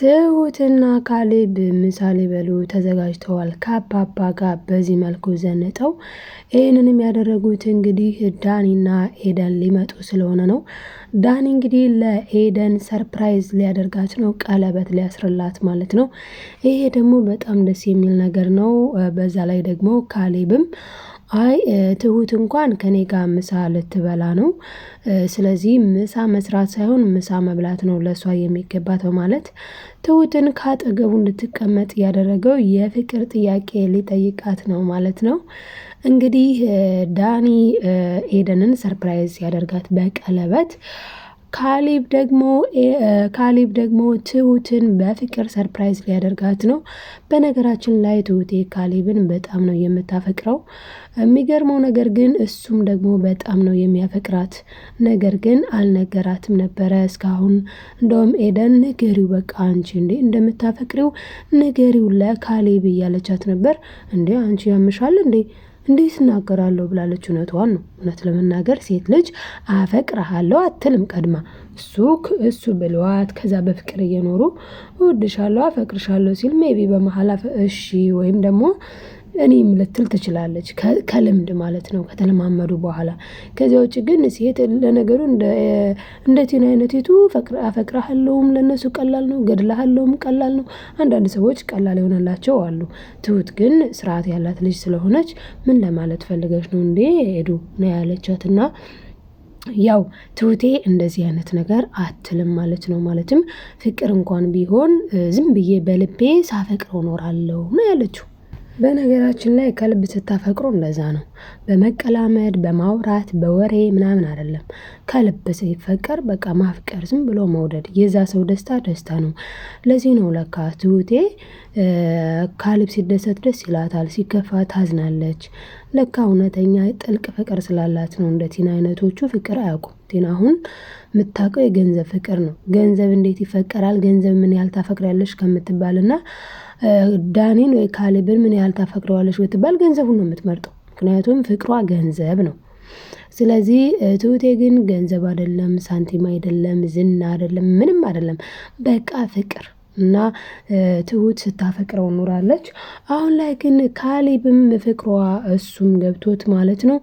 ትሁትና ካሌብ ምሳሌ በሉ ተዘጋጅተዋል። ከአባባ ጋር በዚህ መልኩ ዘንጠው ይህንንም ያደረጉት እንግዲህ ዳኒና ኤደን ሊመጡ ስለሆነ ነው። ዳኒ እንግዲህ ለኤደን ሰርፕራይዝ ሊያደርጋት ነው፣ ቀለበት ሊያስርላት ማለት ነው። ይሄ ደግሞ በጣም ደስ የሚል ነገር ነው። በዛ ላይ ደግሞ ካሌብም አይ ትሁት እንኳን ከኔ ጋር ምሳ ልትበላ ነው፣ ስለዚህ ምሳ መስራት ሳይሆን ምሳ መብላት ነው ለእሷ የሚገባት በማለት ትሁትን ከአጠገቡ እንድትቀመጥ ያደረገው የፍቅር ጥያቄ ሊጠይቃት ነው ማለት ነው። እንግዲህ ዳኒ ኤደንን ሰርፕራይዝ ያደርጋት በቀለበት ካሌብ ደግሞ ካሌብ ደግሞ ትሁትን በፍቅር ሰርፕራይዝ ሊያደርጋት ነው። በነገራችን ላይ ትሁቴ ካሌብን በጣም ነው የምታፈቅረው። የሚገርመው ነገር ግን እሱም ደግሞ በጣም ነው የሚያፈቅራት። ነገር ግን አልነገራትም ነበረ እስካሁን። እንደውም ኤደን ንገሪው፣ በቃ አንቺ እንዴ እንደምታፈቅሪው ንገሪው ለካሌብ እያለቻት ነበር። እንዴ አንቺ ያምሻል እንዴ እንዴት እናገራለሁ ብላለች። እውነቷን ነው። እውነት ለመናገር ሴት ልጅ አፈቅርሃለሁ አትልም ቀድማ እሱ እሱ ብሏት ከዛ በፍቅር እየኖሩ እወድሻለሁ፣ አፈቅርሻለሁ ሲል ሜቢ በመሀል እሺ ወይም ደግሞ እኔም ልትል ትችላለች፣ ከልምድ ማለት ነው ከተለማመዱ በኋላ። ከዚያ ውጭ ግን ሴት ለነገሩ እንደ ቲና አይነቲቱ አፈቅርሃለሁም ቀላል ነው፣ ገድልሃለሁም ቀላል ነው። አንዳንድ ሰዎች ቀላል የሆነላቸው አሉ። ትሁት ግን ስርዓት ያላት ልጅ ስለሆነች ምን ለማለት ፈልገች ነው እንዴ ሄዱ ነው ያለቻትና ያው ትሁቴ እንደዚህ አይነት ነገር አትልም ማለት ነው። ማለትም ፍቅር እንኳን ቢሆን ዝም ብዬ በልቤ ሳፈቅረው እኖራለሁ ነው ያለችው። በነገራችን ላይ ከልብ ስታፈቅሩ እንደዛ ነው። በመቀላመድ በማውራት በወሬ ምናምን አይደለም። ከልብ ሲፈቀር በቃ ማፍቀር ዝም ብሎ መውደድ የዛ ሰው ደስታ ደስታ ነው። ለዚህ ነው ለካ ትሁቴ ከልብ ሲደሰት ደስ ይላታል፣ ሲከፋ ታዝናለች። ለካ እውነተኛ ጥልቅ ፍቅር ስላላት ነው። እንደ ቲና አይነቶቹ ፍቅር አያውቁም። ቲና አሁን የምታውቀው የገንዘብ ፍቅር ነው። ገንዘብ እንዴት ይፈቀራል፣ ገንዘብ ምን ያህል ታፈቅሪያለሽ ከምትባልና ዳኒን ወይ ካሌብን ምን ያህል ታፈቅረዋለች ብትባል ገንዘቡን ነው የምትመርጠው። ምክንያቱም ፍቅሯ ገንዘብ ነው። ስለዚህ ትሁቴ ግን ገንዘብ አይደለም፣ ሳንቲም አይደለም፣ ዝና አይደለም፣ ምንም አይደለም፣ በቃ ፍቅር እና ትሁት ስታፈቅረው ኑራለች። አሁን ላይ ግን ካሌብም ፍቅሯ እሱም ገብቶት ማለት ነው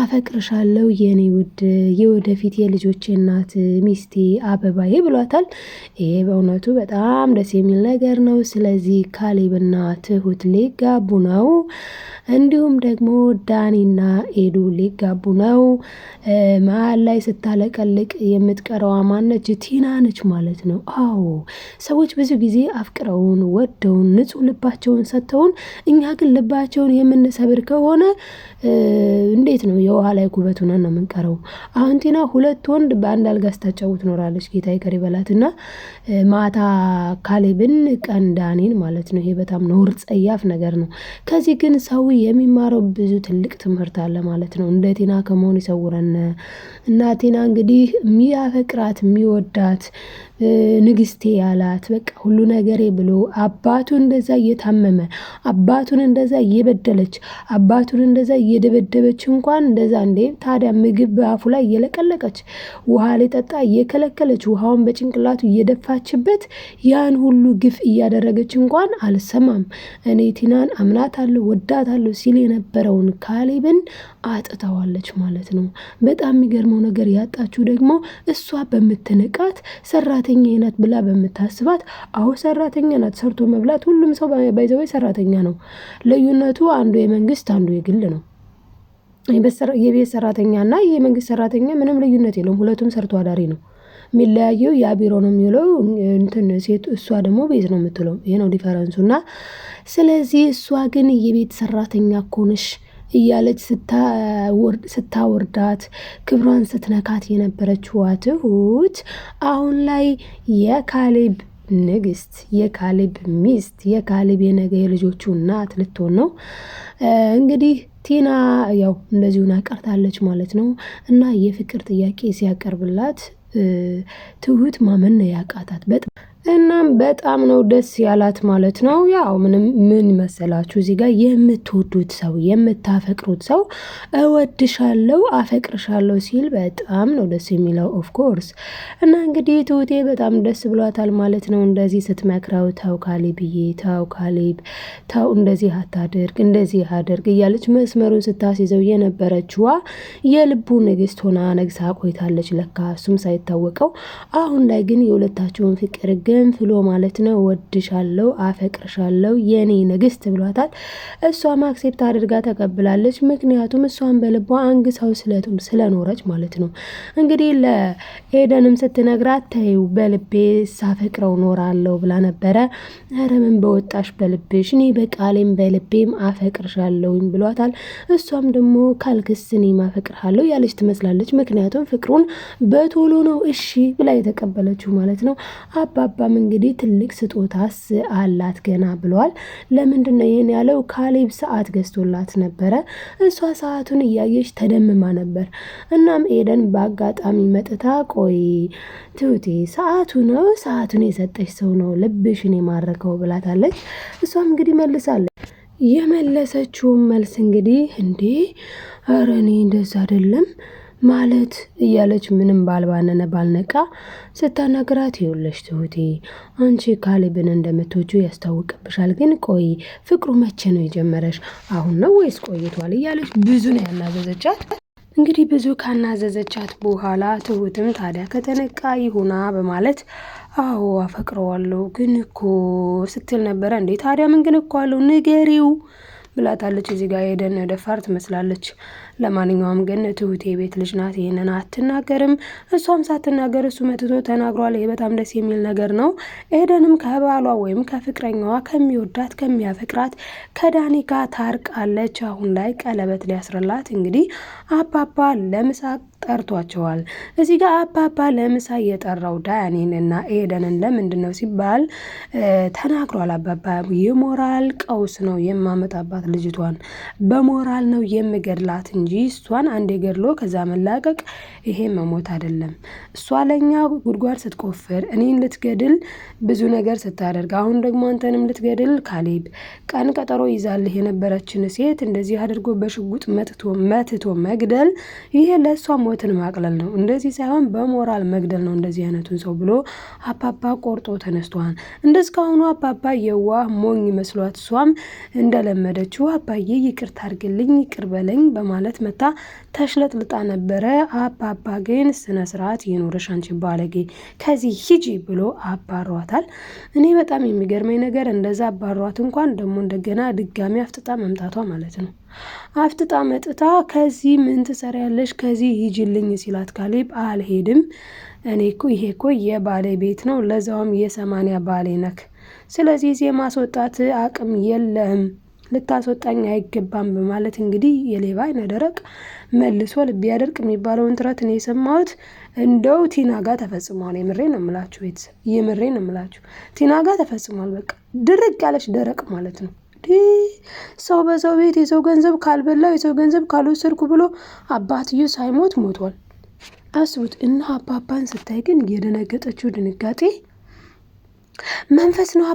አፈቅርሻለሁ የኔ ውድ የወደፊት የልጆቼ እናት ሚስቴ አበባዬ ብሏታል። ይሄ በእውነቱ በጣም ደስ የሚል ነገር ነው። ስለዚህ ካሌብና ትሁት ሊጋቡ ነው። እንዲሁም ደግሞ ዳኒና ኤዱ ሊጋቡ ነው። መሀል ላይ ስታለቀልቅ የምትቀረዋ ማነች? ቲና ነች ማለት ነው። አዎ ሰዎች ብዙ ጊዜ አፍቅረውን ወደውን ንጹህ ልባቸውን ሰጥተውን እኛ ግን ልባቸውን የምንሰብር ከሆነ እንዴት ነው የውሃ ላይ ጉበት ሆነን ነው የምንቀረው። አሁን ቲና ሁለት ወንድ በአንድ አልጋ ስታጫውት ኖራለች። ጌታ ይቅር ይበላትና ማታ ካሌብን ቀን ዳኔን ማለት ነው። ይሄ በጣም ነውር ጸያፍ ነገር ነው። ከዚህ ግን ሰው የሚማረው ብዙ ትልቅ ትምህርት አለ ማለት ነው። እንደ ቲና ከመሆን ይሰውረን እና ቲና እንግዲህ የሚያፈቅራት የሚወዳት ንግስቴ ያላት በቃ በቃ ሁሉ ነገሬ ብሎ አባቱን እንደዛ እየታመመ አባቱን እንደዛ እየበደለች አባቱን እንደዛ እየደበደበች እንኳን እንደዛ እንዴ ታዲያ ምግብ በአፉ ላይ እየለቀለቀች ውሃ ሊጠጣ እየከለከለች ውሃውን በጭንቅላቱ እየደፋችበት ያን ሁሉ ግፍ እያደረገች እንኳን አልሰማም። እኔ ቲናን አምናታለሁ ወዳታለሁ ሲል የነበረውን ካሌብን አጥተዋለች ማለት ነው። በጣም የሚገርመው ነገር ያጣችው ደግሞ እሷ በምትንቃት ሰራተኛ ናት ብላ በምታስባት አሁ ሰራተኛ ናት። ሰርቶ መብላት ሁሉም ሰው ባይዘው ሰራተኛ ነው። ልዩነቱ አንዱ የመንግስት አንዱ የግል ነው። የቤት ሰራተኛ እና የመንግስት ሰራተኛ ምንም ልዩነት የለውም። ሁለቱም ሰርቶ አዳሪ ነው። የሚለያየው ያ ቢሮ ነው የሚውለው እንትን ሴት እሷ ደግሞ ቤት ነው የምትለው። ይሄ ነው ዲፈረንሱ። እና ስለዚህ እሷ ግን የቤት ሰራተኛ ኮንሽ እያለች ስታወርዳት ክብሯን ስትነካት የነበረችዋ ትሁት አሁን ላይ የካሌብ ንግስት የካሌብ ሚስት የካሌብ የነገ የልጆቹ እናት ልትሆን ነው እንግዲህ ቲና ያው እንደዚሁን አቀርታለች ማለት ነው። እና የፍቅር ጥያቄ ሲያቀርብላት ትሁት ማመን ያቃታት በጣም እናም በጣም ነው ደስ ያላት ማለት ነው። ያው ምንም ምን መሰላችሁ እዚህ ጋር የምትወዱት ሰው የምታፈቅሩት ሰው እወድሻለሁ፣ አፈቅርሻለሁ ሲል በጣም ነው ደስ የሚለው ኦፍኮርስ። እና እንግዲህ ትሁቴ በጣም ደስ ብሏታል ማለት ነው። እንደዚህ ስትመክረው ተው ካሌብዬ፣ ተው ካሊብ፣ ተው እንደዚህ አታደርግ፣ እንደዚህ አደርግ እያለች መስመሩን ስታስይዘው የነበረችዋ የልቡ ንግስት ሆና ነግሳ ቆይታለች ለካ እሱም ሳይታወቀው። አሁን ላይ ግን የሁለታቸውን ፍቅር ገንፍሎ ማለት ነው ወድሻለው፣ አፈቅርሻለው፣ የኔ ንግስት ብሏታል። እሷም አክሴፕት አድርጋ ተቀብላለች። ምክንያቱም እሷን በልቧ አንግሳው ስለቱም ስለኖረች ማለት ነው። እንግዲህ ለኤደንም ስትነግራት ተይው በልቤ ሳፈቅረው ኖራለው ብላ ነበረ። ረምን በወጣሽ በልቤሽ፣ እኔ በቃሌም በልቤም አፈቅርሻለውኝ ብሏታል። እሷም ደግሞ ካልክስ እኔም አፈቅርሃለሁ ያለች ትመስላለች። ምክንያቱም ፍቅሩን በቶሎ ነው እሺ ብላ የተቀበለችው ማለት ነው። አባባ አባም እንግዲህ ትልቅ ስጦታስ አላት ገና ብለዋል። ለምንድን ነው ይህን ያለው? ካሌብ ሰዓት ገዝቶላት ነበረ። እሷ ሰዓቱን እያየች ተደምማ ነበር። እናም ኤደን በአጋጣሚ መጥታ ቆይ ትውቴ ሰዓቱ ነው ሰዓቱን የሰጠች ሰው ነው ልብሽን የማረከው ብላታለች። እሷም እንግዲህ መልሳለች። የመለሰችውን መልስ እንግዲህ እንዴ ኧረ እኔ እንደዛ አይደለም ማለት እያለች ምንም ባልባነነ ባልነቃ ስታናግራት ይኸውልሽ ትሁቴ አንቺ ካሌብን እንደምትወጂው ያስታውቅብሻል። ግን ቆይ ፍቅሩ መቼ ነው የጀመረሽ? አሁን ነው ወይስ ቆይቷል? እያለች ብዙ ነው ያናዘዘቻት። እንግዲህ ብዙ ካናዘዘቻት በኋላ ትሁትም ታዲያ ከተነቃ ይሁና በማለት አዎ አፈቅረዋለሁ ግን እኮ ስትል ነበረ። እንዴ ታዲያ ምን ግን እኮ አለው ንገሪው ብላታለች። እዚህ ጋር የደን ደፋር ትመስላለች። ለማንኛውም ግን ትሁቴ ቤት ልጅ ናት፣ ይህንን አትናገርም። እሷም ሳትናገር እሱ መጥቶ ተናግሯል። ይህ በጣም ደስ የሚል ነገር ነው። ኤደንም ከባሏ ወይም ከፍቅረኛዋ ከሚወዳት ከሚያፈቅራት ከዳኒ ጋር ታርቃለች። አሁን ላይ ቀለበት ሊያስርላት እንግዲህ አባባ ለምሳ ጠርቷቸዋል። እዚህ ጋር አባባ ለምሳ የጠራው ዳኒን እና ኤደንን ለምንድን ነው ሲባል ተናግሯል። አባባ የሞራል ቀውስ ነው የማመጣባት ልጅቷን በሞራል ነው የምገድላት እንጂ እንጂ እሷን አንዴ ገድሎ ከዛ መላቀቅ ይሄ መሞት አይደለም። እሷ ለእኛ ጉድጓድ ስትቆፍር እኔን ልትገድል ብዙ ነገር ስታደርግ፣ አሁን ደግሞ አንተንም ልትገድል ካሌብ ቀን ቀጠሮ ይዛልህ የነበረችን ሴት እንደዚህ አድርጎ በሽጉጥ መትቶ መትቶ መግደል ይሄ ለእሷ ሞትን ማቅለል ነው። እንደዚህ ሳይሆን በሞራል መግደል ነው እንደዚህ አይነቱን ሰው ብሎ አፓፓ ቆርጦ ተነስቷል። እንደ አፓፓ የዋህ ሞኝ መስሏት እሷም እንደለመደችው አባዬ ይቅርታ አድርግልኝ፣ ይቅር በለኝ በማለት መታ ተሽለጥ ልጣ ነበረ። አባባ ግን ስነ ስርዓት የኖረሽ አንቺ ባለጌ ከዚህ ሂጂ ብሎ አባሯታል። እኔ በጣም የሚገርመኝ ነገር እንደዛ አባሯት እንኳን ደግሞ እንደገና ድጋሚ አፍጥጣ መምጣቷ ማለት ነው። አፍጥጣ መጥታ ከዚህ ምን ትሰሪያለሽ? ከዚህ ሂጂልኝ ሲላት ካሌብ አልሄድም እኔ እኮ ይሄ እኮ የባሌ ቤት ነው፣ ለዛውም የሰማንያ ባሌ ነክ። ስለዚህ የማስወጣት አቅም የለህም ልታስወጣኝ አይገባም በማለት እንግዲህ የሌባ አይነ ደረቅ መልሶ ልብ ያደርቅ የሚባለውን ትረት ነው የሰማሁት። እንደው ቲና ጋር ተፈጽሟል። የምሬ ነው የምላችሁ ቤተሰብ፣ የምሬ ነው የምላችሁ ቲና ጋር ተፈጽሟል። በቃ ድርቅ ያለች ደረቅ ማለት ነው። ሰው በሰው ቤት የሰው ገንዘብ ካልበላው የሰው ገንዘብ ካልወሰድኩ ብሎ አባትዮ ሳይሞት ሞቷል። አስቡት እና አባባን ስታይ ግን የደነገጠችው ድንጋጤ መንፈስ ነው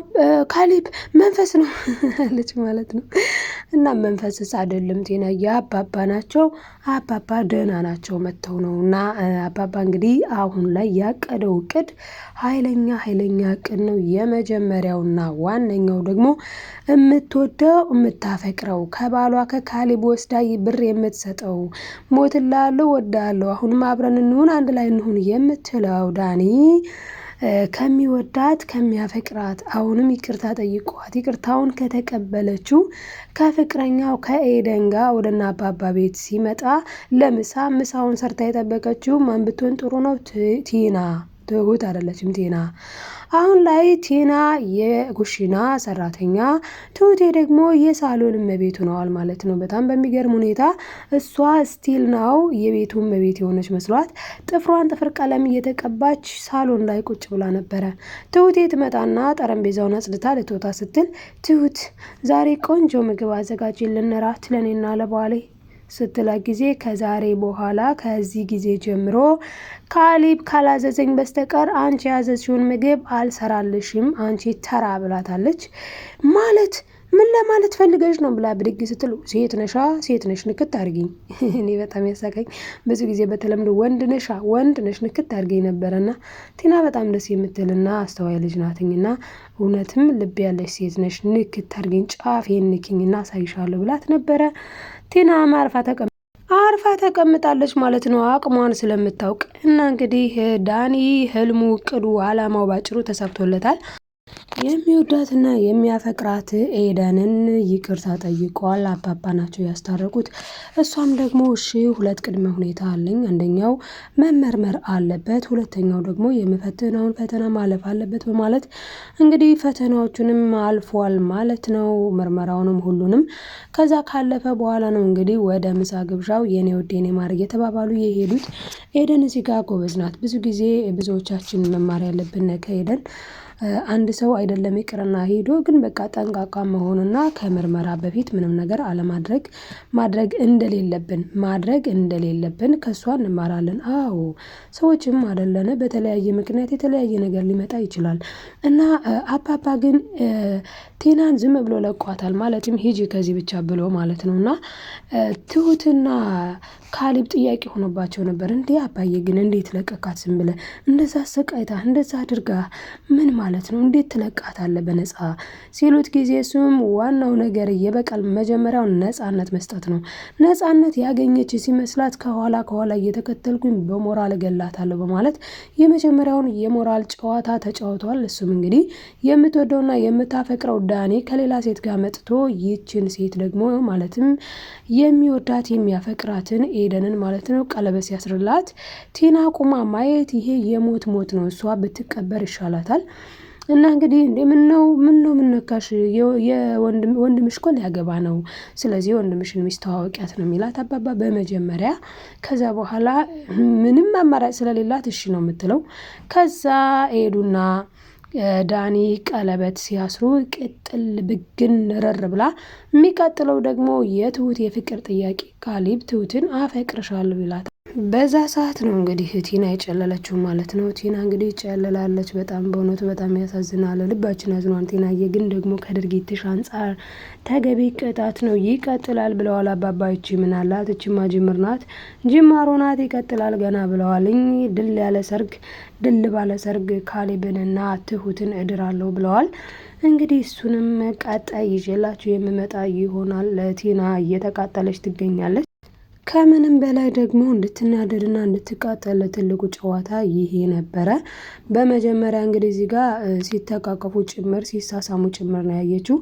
ካሌብ መንፈስ ነው አለች ማለት ነው። እና መንፈስስ አይደለም ጤና የአባባ ናቸው። አባባ ደህና ናቸው መጥተው ነው። እና አባባ እንግዲህ አሁን ላይ ያቀደው እቅድ ኃይለኛ ኃይለኛ እቅድ ነው። የመጀመሪያውና ዋነኛው ደግሞ የምትወደው የምታፈቅረው ከባሏ ከካሌብ ወስዳ ብር የምትሰጠው ሞትላለሁ፣ ወዳለሁ፣ አሁንም አብረን እንሁን፣ አንድ ላይ እንሁን የምትለው ዳኒ ከሚወዳት ከሚያፈቅራት አሁንም ይቅርታ ጠይቋት ይቅርታውን ከተቀበለችው ከፍቅረኛው ከኤደን ጋር ወደና አባባ ቤት ሲመጣ ለምሳ ምሳውን ሰርታ የጠበቀችው ማን ብትሆን ጥሩ ነው? ቲና ትሁት አይደለችም ቲና አሁን ላይ ቲና የኩሽና ሰራተኛ፣ ትሁቴ ደግሞ የሳሎን እመቤት ሆነዋል ማለት ነው። በጣም በሚገርም ሁኔታ እሷ ስቲል ናው የቤቱ እመቤት የሆነች መስሏት ጥፍሯን ጥፍር ቀለም እየተቀባች ሳሎን ላይ ቁጭ ብላ ነበረ። ትሁቴ ትመጣና ጠረጴዛውን አጽድታ ልትወጣ ስትል ትሁት ዛሬ ቆንጆ ምግብ አዘጋጅልን፣ እራት ለእኔና ለባሌ ስትላ ጊዜ ከዛሬ በኋላ ከዚህ ጊዜ ጀምሮ ካሊብ ካላዘዘኝ በስተቀር አንቺ ያዘዝሽውን ምግብ አልሰራልሽም፣ አንቺ ተራ ብላታለች። ማለት ምን ለማለት ፈልገሽ ነው ብላ ብድግ ስትል ሴት ነሻ፣ ሴት ነሽ፣ ንክት አድርጊኝ። እኔ በጣም ያሳቀኝ ብዙ ጊዜ በተለምዶ ወንድ ነሻ፣ ወንድ ነሽ፣ ንክት ነበረ ነበረና ቲና በጣም ደስ የምትልና አስተዋይ ልጅ ናትኝና እውነትም ልብ ያለሽ ሴት ነሽ፣ ንክት አድርጊኝ፣ ጫፌን ንኪኝና አሳይሻለሁ ብላት ነበረ። ቲና አርፋ ተቀም አርፋ ተቀምጣለች ማለት ነው፣ አቅሟን ስለምታውቅ እና እንግዲህ ዳኒ ህልሙ፣ እቅዱ፣ አላማው ባጭሩ ተሳክቶለታል። የሚወዳትና የሚያፈቅራት ኤደንን ይቅርታ ጠይቋል አባባ ናቸው ያስታረቁት። እሷም ደግሞ እሺ ሁለት ቅድመ ሁኔታ አለኝ አንደኛው መመርመር አለበት ሁለተኛው ደግሞ የምፈትነውን ፈተና ማለፍ አለበት በማለት እንግዲህ ፈተናዎቹንም አልፏል ማለት ነው። ምርመራውንም ሁሉንም ከዛ ካለፈ በኋላ ነው እንግዲህ ወደ ምሳ ግብዣው የኔ ውድ የኔ ማር እየተባባሉ የሄዱት። ኤደን እዚህ ጋር ጎበዝ ናት። ብዙ ጊዜ ብዙዎቻችን መማር ያለብን ከኤደን አንድ ሰው አይደለም ይቅርና ሄዶ ግን በቃ ጠንቃቃ መሆንና ከምርመራ በፊት ምንም ነገር አለማድረግ ማድረግ እንደሌለብን ማድረግ እንደሌለብን ከእሷ እንማራለን። አዎ ሰዎችም አደለን በተለያየ ምክንያት የተለያየ ነገር ሊመጣ ይችላል። እና አባባ ግን ቴናን ዝም ብሎ ለቋታል ማለትም ሂጂ ከዚህ ብቻ ብሎ ማለት ነው። እና ትሁትና ካሊብ ጥያቄ ሆኖባቸው ነበር እንዲህ አባዬ ግን እንዴት ለቀካት ዝም ብለህ እንደዛ ሰቃይታ እንደዛ አድርጋ ምን ማለት ነው። እንዴት ትለቃታለህ በነፃ ሲሉት ጊዜ እሱም ዋናው ነገር የበቀል መጀመሪያውን ነፃነት መስጠት ነው። ነፃነት ያገኘች ሲመስላት ከኋላ ከኋላ እየተከተልኩኝ በሞራል እገላታለሁ በማለት የመጀመሪያውን የሞራል ጨዋታ ተጫውቷል። እሱም እንግዲህ የምትወደውና የምታፈቅረው ዳኒ ከሌላ ሴት ጋር መጥቶ ይችን ሴት ደግሞ ማለትም የሚወዳት የሚያፈቅራትን ኤደንን ማለት ነው ቀለበት ሲያስርላት ቲና ቁማ ማየት ይሄ የሞት ሞት ነው። እሷ ብትቀበር ይሻላታል። እና እንግዲህ እንዴ ምነው ምነው ምን ነካሽ ወንድምሽ እኮ ሊያገባ ነው ስለዚህ ወንድምሽን ሚስተዋወቂያት ነው የሚላት አባባ በመጀመሪያ ከዛ በኋላ ምንም አማራጭ ስለሌላት እሺ ነው የምትለው ከዛ ሄዱና ዳኒ ቀለበት ሲያስሩ ቅጥል ብግን ረር ብላ የሚቀጥለው ደግሞ የትሁት የፍቅር ጥያቄ ካሊብ ትሁትን አፈቅርሻለሁ ይላታል በዛ ሰዓት ነው እንግዲህ ቲና የጨለለችው ማለት ነው። ቲና እንግዲህ ጨለላለች። በጣም በእውነቱ በጣም ያሳዝናል። ልባችን አዝኗን ቲናዬ ግን ደግሞ ከድርጊትሽ አንጻር ተገቢ ቅጣት ነው ይቀጥላል ብለዋል አባባ። ይቺ ምናላት እችማ ጅምር ናት ጅማሮ ናት ይቀጥላል ገና ብለዋልኝ። ድል ያለ ሰርግ ድል ባለ ሰርግ ካሌብንና ትሁትን እድራለሁ ብለዋል። እንግዲህ እሱንም ቀጣይ ይዤላችሁ የምመጣ ይሆናል። ቲና እየተቃጠለች ትገኛለች። ከምንም በላይ ደግሞ እንድትናደድና እንድትቃጠል ትልቁ ጨዋታ ይሄ ነበረ። በመጀመሪያ እንግዲህ እዚህ ጋር ሲተቃቀፉ ጭምር ሲሳሳሙ ጭምር ነው ያየችው።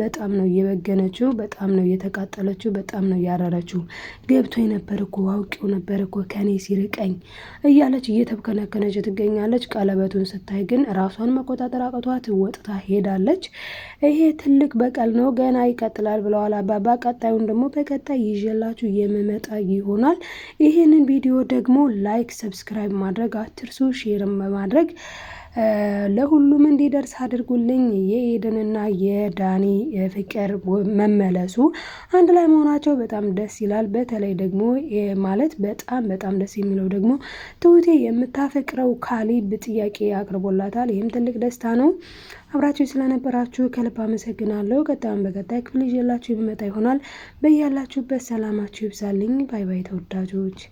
በጣም ነው እየበገነችው፣ በጣም ነው እየተቃጠለችው፣ በጣም ነው እያረረችው። ገብቶ ነበር እኮ አውቄው ነበር እኮ ከኔ ሲርቀኝ እያለች እየተብከነከነች ትገኛለች። ቀለበቱን ስታይ ግን ራሷን መቆጣጠር አቅቷት ወጥታ ሄዳለች። ይሄ ትልቅ በቀል ነው፣ ገና ይቀጥላል ብለዋል አባባ። ቀጣዩን ደግሞ በቀጣይ ይዤላችሁ የምመጣ የሚወጣ ይሆናል። ይህንን ቪዲዮ ደግሞ ላይክ፣ ሰብስክራይብ ማድረግ አትርሱ። ሼርም በማድረግ ለሁሉም እንዲደርስ አድርጉልኝ። የኤደንና የዳኒ ፍቅር መመለሱ አንድ ላይ መሆናቸው በጣም ደስ ይላል። በተለይ ደግሞ ማለት በጣም በጣም ደስ የሚለው ደግሞ ትሁቴ የምታፈቅረው ካሊብ ጥያቄ አቅርቦላታል። ይህም ትልቅ ደስታ ነው። አብራችሁ ስለነበራችሁ ከልብ አመሰግናለሁ። ቀጣዩን በቀጣይ ክፍል ይዤላችሁ የሚመጣ ይሆናል። በያላችሁበት ሰላማችሁ ይብዛልኝ። ባይ ባይ ተወዳጆች።